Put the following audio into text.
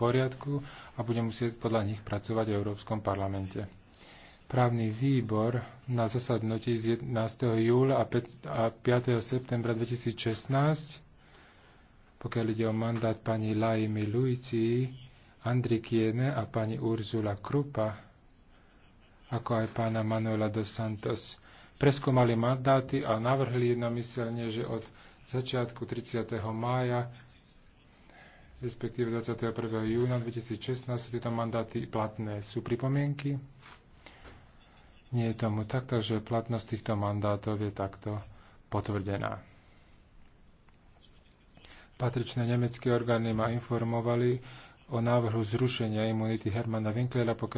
poriadku a bude musieť podľa nich pracovať v Európskom parlamente. Právny výbor na zasadnutí z 11. júla a 5. septembra 2016, pokiaľ ide o mandát pani Laimi Luici, Andri Kiene a pani Urzula Krupa, ako aj pána Manuela dos Santos, preskúmali mandáty a navrhli jednomyselne, že od začiatku 30. mája respektíve 21. júna 2016 sú tieto mandáty platné. Sú pripomienky? Nie je tomu tak, takže platnosť týchto mandátov je takto potvrdená. Patričné nemecké orgány ma informovali o návrhu zrušenia imunity Hermana Winklera, pokiaľ